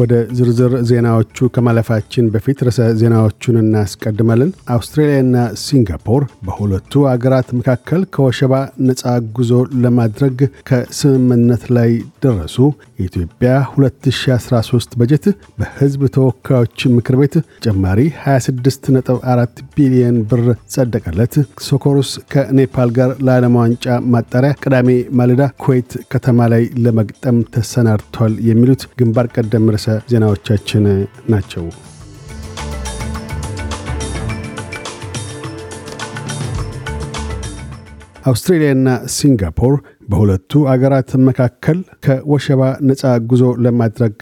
ወደ ዝርዝር ዜናዎቹ ከማለፋችን በፊት ርዕሰ ዜናዎቹን እናስቀድማለን። አውስትራሊያና ሲንጋፖር በሁለቱ አገራት መካከል ከወሸባ ነፃ ጉዞ ለማድረግ ከስምምነት ላይ ደረሱ። የኢትዮጵያ 2013 በጀት በህዝብ ተወካዮች ምክር ቤት ተጨማሪ 26.4 ቢሊዮን ብር ጸደቀለት። ሶኮሩስ ከኔፓል ጋር ለዓለም ዋንጫ ማጣሪያ ቅዳሜ ማልዳ ኩዌት ከተማ ላይ ለመግጠም ተሰናድቷል። የሚሉት ግንባር ቀደም ርዕሰ ዜናዎቻችን ናቸው። አውስትሬልያና ሲንጋፖር በሁለቱ አገራት መካከል ከወሸባ ነፃ ጉዞ ለማድረግ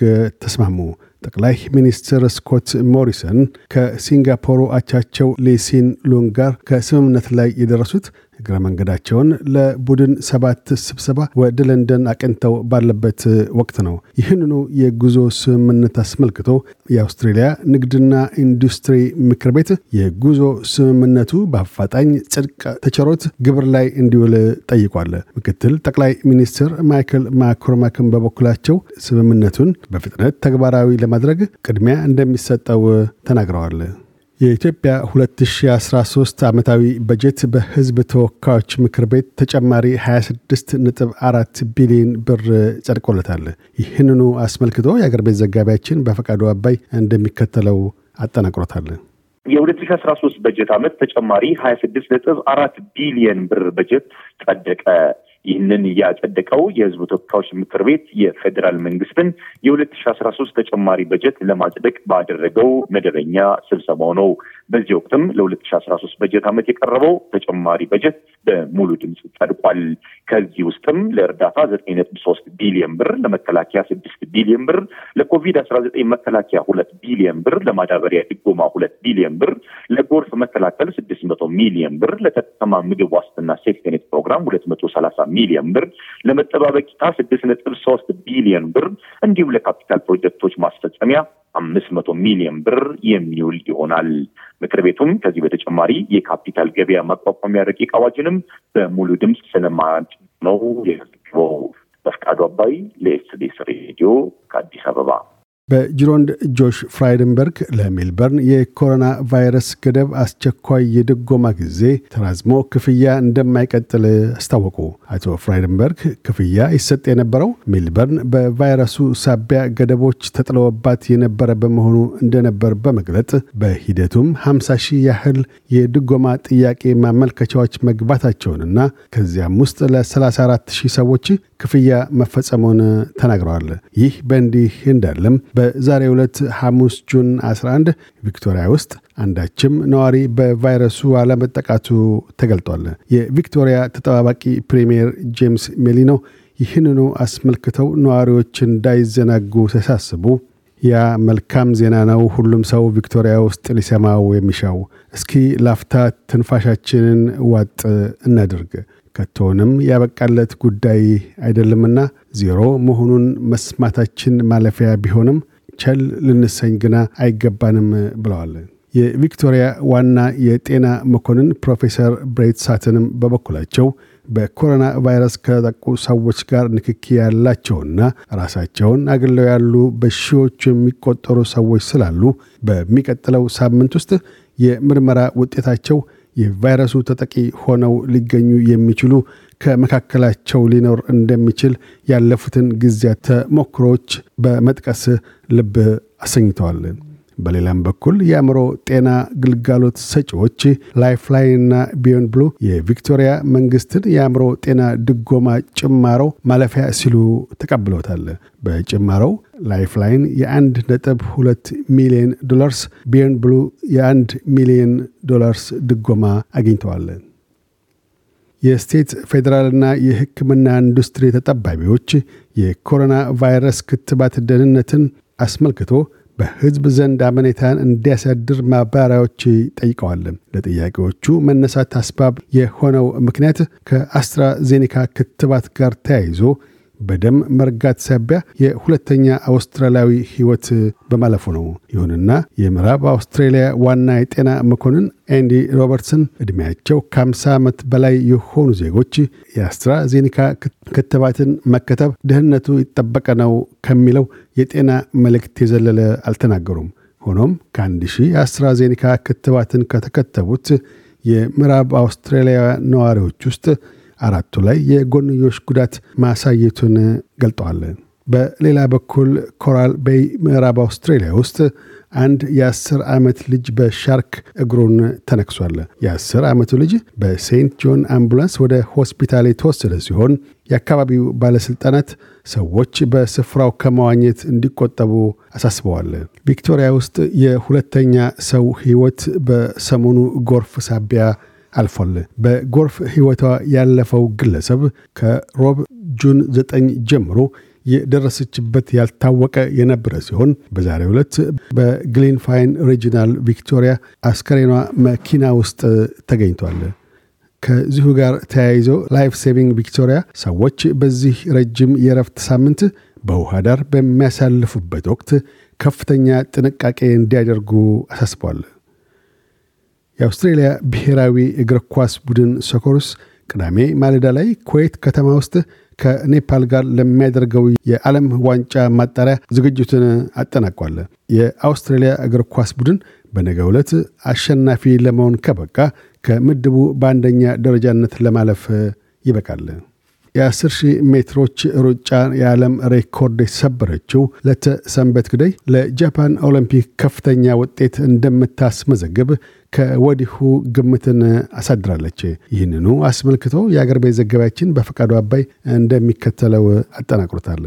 ተስማሙ። ጠቅላይ ሚኒስትር ስኮት ሞሪሰን ከሲንጋፖሩ አቻቸው ሌሲን ሉንግ ጋር ከስምምነት ላይ የደረሱት እግረ መንገዳቸውን ለቡድን ሰባት ስብሰባ ወደ ለንደን አቅንተው ባለበት ወቅት ነው። ይህንኑ የጉዞ ስምምነት አስመልክቶ የአውስትሬልያ ንግድና ኢንዱስትሪ ምክር ቤት የጉዞ ስምምነቱ በአፋጣኝ ጽድቅ ተቸሮት ግብር ላይ እንዲውል ጠይቋል። ምክትል ጠቅላይ ሚኒስትር ማይክል ማኮርማክን በበኩላቸው ስምምነቱን በፍጥነት ተግባራዊ ለማድረግ ቅድሚያ እንደሚሰጠው ተናግረዋል። የኢትዮጵያ 2013 ዓመታዊ በጀት በሕዝብ ተወካዮች ምክር ቤት ተጨማሪ 26.4 ቢሊዮን ብር ጸድቆለታል። ይህንኑ አስመልክቶ የአገር ቤት ዘጋቢያችን በፈቃዱ አባይ እንደሚከተለው አጠናቅሮታል። የ2013 በጀት ዓመት ተጨማሪ 26.4 ቢሊዮን ብር በጀት ጸደቀ። ይህንን ያጸደቀው የህዝቡ ተወካዮች ምክር ቤት የፌዴራል መንግስትን የሁለት ሺ አስራ ሶስት ተጨማሪ በጀት ለማጽደቅ ባደረገው መደበኛ ስብሰባው ነው። በዚህ ወቅትም ለሁለት ሺ አስራ ሶስት በጀት ዓመት የቀረበው ተጨማሪ በጀት በሙሉ ድምፅ ጸድቋል። ከዚህ ውስጥም ለእርዳታ ዘጠኝ ነጥብ ሶስት ቢሊዮን ብር፣ ለመከላከያ ስድስት ቢሊዮን ብር፣ ለኮቪድ አስራ ዘጠኝ መከላከያ ሁለት ቢሊዮን ብር፣ ለማዳበሪያ ድጎማ ሁለት ቢሊዮን ብር ለጎርፍ መከላከል ስድስት መቶ ሚሊዮን ብር፣ ለከተማ ምግብ ዋስትና ሴፍቲኔት ፕሮግራም ሁለት መቶ ሰላሳ ሚሊዮን ብር፣ ለመጠባበቂያ ስድስት ነጥብ ሶስት ቢሊዮን ብር እንዲሁም ለካፒታል ፕሮጀክቶች ማስፈጸሚያ አምስት መቶ ሚሊዮን ብር የሚውል ይሆናል። ምክር ቤቱም ከዚህ በተጨማሪ የካፒታል ገበያ ማቋቋሚያ ረቂቅ አዋጅንም በሙሉ ድምፅ ስለማጭ ነው። የህዝቦ በፍቃዱ አባይ ለኤስቤስ ሬዲዮ ከአዲስ አበባ በጅሮንድ ጆሽ ፍራይደንበርግ ለሜልበርን የኮሮና ቫይረስ ገደብ አስቸኳይ የድጎማ ጊዜ ተራዝሞ ክፍያ እንደማይቀጥል አስታወቁ። አቶ ፍራይደንበርግ ክፍያ ይሰጥ የነበረው ሜልበርን በቫይረሱ ሳቢያ ገደቦች ተጥለወባት የነበረ በመሆኑ እንደነበር በመግለጥ በሂደቱም 50 ሺህ ያህል የድጎማ ጥያቄ ማመልከቻዎች መግባታቸውንና ከዚያም ውስጥ ለ34 ሺህ ሰዎች ክፍያ መፈጸሙን ተናግረዋል። ይህ በእንዲህ እንዳለም በዛሬ ዕለት ሐሙስ ጁን 11 ቪክቶሪያ ውስጥ አንዳችም ነዋሪ በቫይረሱ አለመጠቃቱ ተገልጧል። የቪክቶሪያ ተጠባባቂ ፕሪምየር ጄምስ ሜሊኖ ይህንኑ አስመልክተው ነዋሪዎች እንዳይዘናጉ ሲያሳስቡ ያ መልካም ዜና ነው። ሁሉም ሰው ቪክቶሪያ ውስጥ ሊሰማው የሚሻው። እስኪ ላፍታ ትንፋሻችንን ዋጥ እናድርግ። ከቶንም ያበቃለት ጉዳይ አይደለምና ዜሮ መሆኑን መስማታችን ማለፊያ ቢሆንም ቸል ልንሰኝ ግና አይገባንም ብለዋል። የቪክቶሪያ ዋና የጤና መኮንን ፕሮፌሰር ብሬት ሳትንም በበኩላቸው በኮሮና ቫይረስ ከተጠቁ ሰዎች ጋር ንክኪ ያላቸውና ራሳቸውን አግለው ያሉ በሺዎቹ የሚቆጠሩ ሰዎች ስላሉ በሚቀጥለው ሳምንት ውስጥ የምርመራ ውጤታቸው የቫይረሱ ተጠቂ ሆነው ሊገኙ የሚችሉ ከመካከላቸው ሊኖር እንደሚችል ያለፉትን ጊዜያት ተሞክሮዎች በመጥቀስ ልብ አሰኝተዋል። በሌላም በኩል የአእምሮ ጤና ግልጋሎት ሰጪዎች ላይፍላይንና ቢዮን ብሉ የቪክቶሪያ መንግስትን የአእምሮ ጤና ድጎማ ጭማሮ ማለፊያ ሲሉ ተቀብለውታል። በጭማሮው ላይፍላይን የአንድ ነጥብ ሁለት ሚሊዮን ዶላርስ፣ ቢዮን ብሉ የአንድ ሚሊዮን ዶላርስ ድጎማ አግኝተዋል። የስቴት ፌዴራልና የህክምና ኢንዱስትሪ ተጠባቢዎች የኮሮና ቫይረስ ክትባት ደህንነትን አስመልክቶ በህዝብ ዘንድ አመኔታን እንዲያሳድር ማባሪያዎች ጠይቀዋል። ለጥያቄዎቹ መነሳት አስባብ የሆነው ምክንያት ከአስትራዜኔካ ክትባት ጋር ተያይዞ በደም መርጋት ሳቢያ የሁለተኛ አውስትራሊያዊ ህይወት በማለፉ ነው። ይሁንና የምዕራብ አውስትሬሊያ ዋና የጤና መኮንን ኤንዲ ሮበርትሰን ዕድሜያቸው ከ50 ዓመት በላይ የሆኑ ዜጎች የአስትራዜኒካ ክትባትን መከተብ ደህንነቱ ይጠበቀ ነው ከሚለው የጤና መልእክት የዘለለ አልተናገሩም። ሆኖም ከአንድ ሺህ የአስትራዜኒካ ክትባትን ከተከተቡት የምዕራብ አውስትራሊያ ነዋሪዎች ውስጥ አራቱ ላይ የጎንዮሽ ጉዳት ማሳየቱን ገልጠዋል። በሌላ በኩል ኮራል ቤይ ምዕራብ አውስትራሊያ ውስጥ አንድ የአስር ዓመት ልጅ በሻርክ እግሩን ተነክሷል። የአስር ዓመቱ ልጅ በሴንት ጆን አምቡላንስ ወደ ሆስፒታል የተወሰደ ሲሆን የአካባቢው ባለሥልጣናት ሰዎች በስፍራው ከመዋኘት እንዲቆጠቡ አሳስበዋል። ቪክቶሪያ ውስጥ የሁለተኛ ሰው ሕይወት በሰሞኑ ጎርፍ ሳቢያ አልፏል። በጎርፍ ሕይወቷ ያለፈው ግለሰብ ከሮብ ጁን 9 ጀምሮ የደረሰችበት ያልታወቀ የነበረ ሲሆን በዛሬ ዕለት በግሊንፋይን ሪጂናል ቪክቶሪያ አስከሬኗ መኪና ውስጥ ተገኝቷል። ከዚሁ ጋር ተያይዞ ላይፍ ሴቪንግ ቪክቶሪያ ሰዎች በዚህ ረጅም የረፍት ሳምንት በውሃ ዳር በሚያሳልፉበት ወቅት ከፍተኛ ጥንቃቄ እንዲያደርጉ አሳስቧል። የአውስትሬልያ ብሔራዊ እግር ኳስ ቡድን ሶኮርስ ቅዳሜ ማለዳ ላይ ኩዌት ከተማ ውስጥ ከኔፓል ጋር ለሚያደርገው የዓለም ዋንጫ ማጣሪያ ዝግጅቱን አጠናቋል። የአውስትሬልያ እግር ኳስ ቡድን በነገ ዕለት አሸናፊ ለመሆን ከበቃ ከምድቡ በአንደኛ ደረጃነት ለማለፍ ይበቃል። የ10 ሜትሮች ሩጫ የዓለም ሬኮርድ የተሰበረችው ሰንበት ግደይ ለጃፓን ኦሎምፒክ ከፍተኛ ውጤት እንደምታስመዘግብ ከወዲሁ ግምትን አሳድራለች። ይህንኑ አስመልክቶ የአገር ቤት ዘገባያችን በፈቃዱ አባይ እንደሚከተለው አጠናቅሮታል።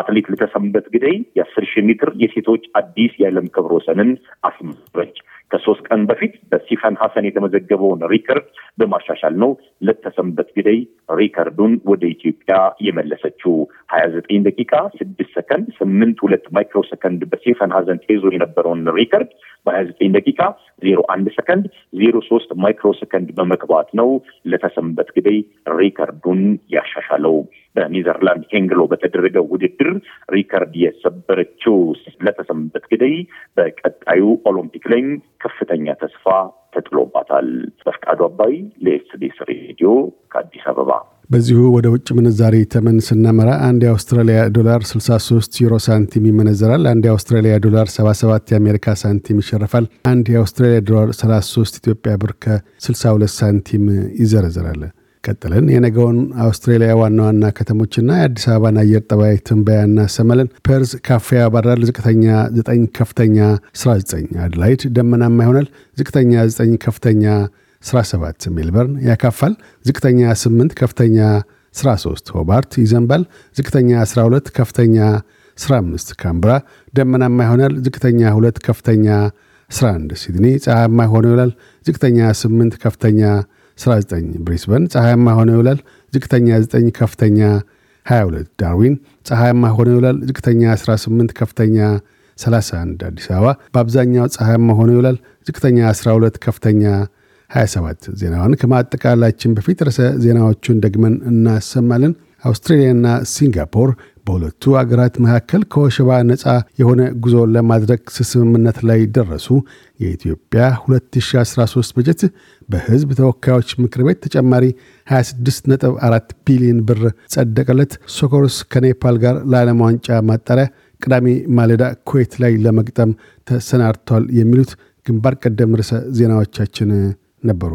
አትሌት ለተሰንበት ግደይ የ10 ሜትር የሴቶች አዲስ የዓለም ክብረ ወሰንን አስመዘገበች። ከሶስት ቀን በፊት በሲፋን ሀሰን የተመዘገበውን ሪከርድ በማሻሻል ነው ለተሰንበት ግደይ ሪከርዱን ወደ ኢትዮጵያ የመለሰችው። ሀያ ዘጠኝ ደቂቃ ስድስት ሰከንድ ስምንት ሁለት ማይክሮ ሰከንድ በሲፋን ሀዘን ተይዞ የነበረውን ሪከርድ በሀያ ዘጠኝ ደቂቃ ዜሮ አንድ ሰከንድ ዜሮ ሶስት ማይክሮ ሰከንድ በመግባት ነው ለተሰንበት ግደይ ሪከርዱን ያሻሻለው። በኒዘርላንድ ሄንግሎ በተደረገው ውድድር ሪከርድ የሰበረችው ለተሰንበት ግደይ በቀጣዩ ኦሎምፒክ ላይም ከፍተኛ ተስፋ ተጥሎባታል። በፍቃዱ አባይ ለኤስቢኤስ ሬዲዮ ከአዲስ አበባ። በዚሁ ወደ ውጭ ምንዛሪ ተመን ስናመራ አንድ የአውስትራሊያ ዶላር 63 ዩሮ ሳንቲም ይመነዘራል። አንድ የአውስትራሊያ ዶላር 77 የአሜሪካ ሳንቲም ይሸርፋል። አንድ የአውስትራሊያ ዶላር 33 ኢትዮጵያ ብር ከ62 ሳንቲም ይዘረዘራል። ቀጥለን የነገውን አውስትሬሊያ ዋና ዋና ከተሞችና የአዲስ አበባን አየር ጠባይ ትንበያ እናሰማለን። ፐርዝ ካፌ ያባራል። ዝቅተኛ 9 ከፍተኛ 19። አድላይድ ደመናማ ይሆናል። ዝቅተኛ 9 ከፍተኛ ስ7 ሜልበርን ያካፋል። ዝቅተኛ 8 ከፍተኛ ስራ 3 ሆባርት ይዘንባል። ዝቅተኛ 12 ከፍተኛ 5 ካምብራ ደመናማ ይሆናል። ዝቅተኛ 2 ከፍተኛ 1ስራ 1 ሲድኒ ፀሐያማ ሆኖ ይውላል። ዝቅተኛ 8 ከፍተኛ 19 ብሪስበን ፀሐያማ ሆነ ይውላል። ዝቅተኛ 9 ከፍተኛ 22 ዳርዊን ፀሐያማ ሆነ ይውላል። ዝቅተኛ 18 ከፍተኛ 31 አዲስ አበባ በአብዛኛው ፀሐያማ ሆነ ይውላል። ዝቅተኛ 12 ከፍተኛ 27 ዜናውን ከማጠቃላችን በፊት ርዕሰ ዜናዎቹን ደግመን እናሰማለን። አውስትሬልያና ሲንጋፖር በሁለቱ አገራት መካከል ከወሸባ ነፃ የሆነ ጉዞ ለማድረግ ስስምምነት ላይ ደረሱ። የኢትዮጵያ 2013 በጀት በህዝብ ተወካዮች ምክር ቤት ተጨማሪ 26.4 ቢሊዮን ብር ጸደቀለት። ሶኮርስ ከኔፓል ጋር ለዓለም ዋንጫ ማጣሪያ ቅዳሜ ማለዳ ኩዌት ላይ ለመግጠም ተሰናድቷል። የሚሉት ግንባር ቀደም ርዕሰ ዜናዎቻችን ነበሩ።